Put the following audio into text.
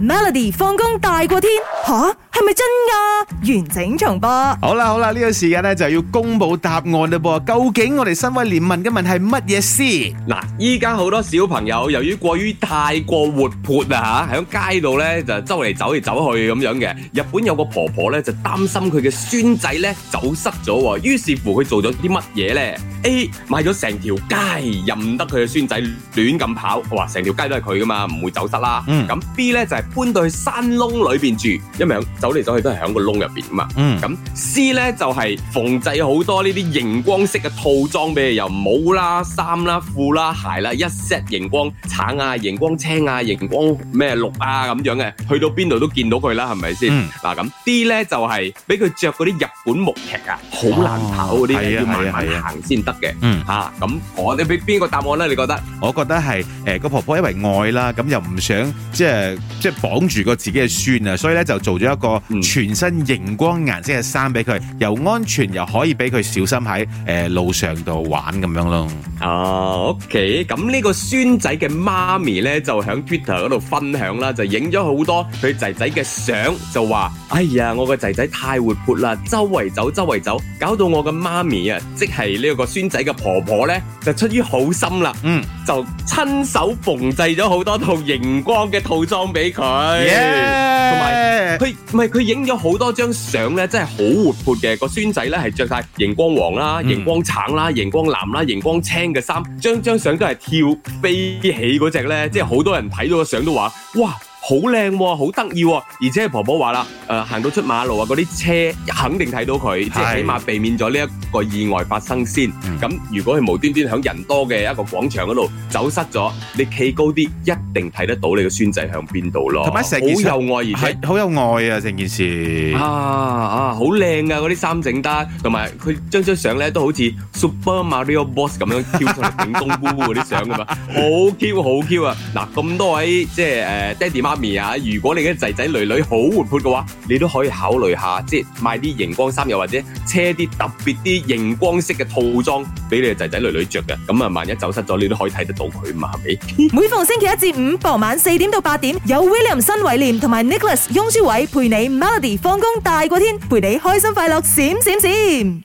Melody 放工大過天吓，係咪真噶？完整重播。好啦好啦，呢、這個時間咧就要公布答案啦噃。究竟我哋身位聯問嘅問題係乜嘢先？嗱，依家好多小朋友由於過於太過活潑啊吓，喺街度咧就周嚟走嚟走去咁樣嘅。日本有個婆婆咧就擔心佢嘅孫仔咧走失咗，於是乎佢做咗啲乜嘢咧？A 買咗成條街，任得佢嘅孫仔亂咁跑，哇，成條街都係佢噶嘛，唔會走失啦。咁、mm. B 咧就係、是。搬到去山窿裏邊住，因為走嚟走去都係喺個窿入邊噶嘛。咁 C 咧就係縫製好多呢啲熒光色嘅套裝俾佢，又帽啦、衫啦、褲啦、鞋啦，一 set 熒光橙啊、熒光青啊、熒光咩綠啊咁樣嘅，去到邊度都見到佢啦，係咪先？嗱，咁 D 咧就係俾佢着嗰啲日本木屐啊，好難跑嗰啲，要慢慢行先得嘅。吓咁，我哋俾邊個答案咧？你覺得？我覺得係誒個婆婆因為愛啦，咁又唔想即係即係。綁住個自己嘅孫啊，所以咧就做咗一個全身熒光顏色嘅衫俾佢，又安全又可以俾佢小心喺誒路上度玩咁樣咯。哦、oh,，OK，咁呢個孫仔嘅媽咪咧就喺 Twitter 嗰度分享啦，就影咗好多佢仔仔嘅相，就話：哎呀，我個仔仔太活潑啦，周圍走周圍走，搞到我嘅媽咪啊，即係呢個孫仔嘅婆婆咧，就出於好心啦，嗯、mm.，就親手縫製咗好多套熒光嘅套裝俾佢，同埋佢唔係佢影咗好多張相咧，真係好活潑嘅個孫仔咧係着晒熒光黃啦、熒光橙啦、熒光藍啦、熒光青嘅衫，張張相都係跳飛起嗰隻咧，即係好多人睇到個相都話，哇！好靚喎，好得意喎，而且婆婆話啦，誒行到出馬路啊，嗰啲車肯定睇到佢，即係起碼避免咗呢一個意外發生先。咁如果佢無端端響人多嘅一個廣場嗰度走失咗，你企高啲一定睇得到你個孫仔向邊度咯。同埋成件事，而且好有愛啊，成件事。啊啊，好靚啊，嗰啲衫整得，同埋佢張張相咧都好似 Super Mario Boss 咁樣跳出嚟頂冬菇菇嗰啲相噶嘛，好 Q 好 Q 啊！嗱，咁多位即係誒爹哋媽。如果你嘅仔仔女女好活潑嘅話，你都可以考慮下，即係買啲熒光衫，又或者車啲特別啲熒光色嘅套裝俾你嘅仔仔女女着嘅。咁啊，萬一走失咗，你都可以睇得到佢嘛，係咪？每逢星期一至五傍晚四點到八點，有 William 新偉廉同埋 Nicholas 雍舒偉陪你 Melody 放工大過天，陪你開心快樂閃閃閃，閃閃閃。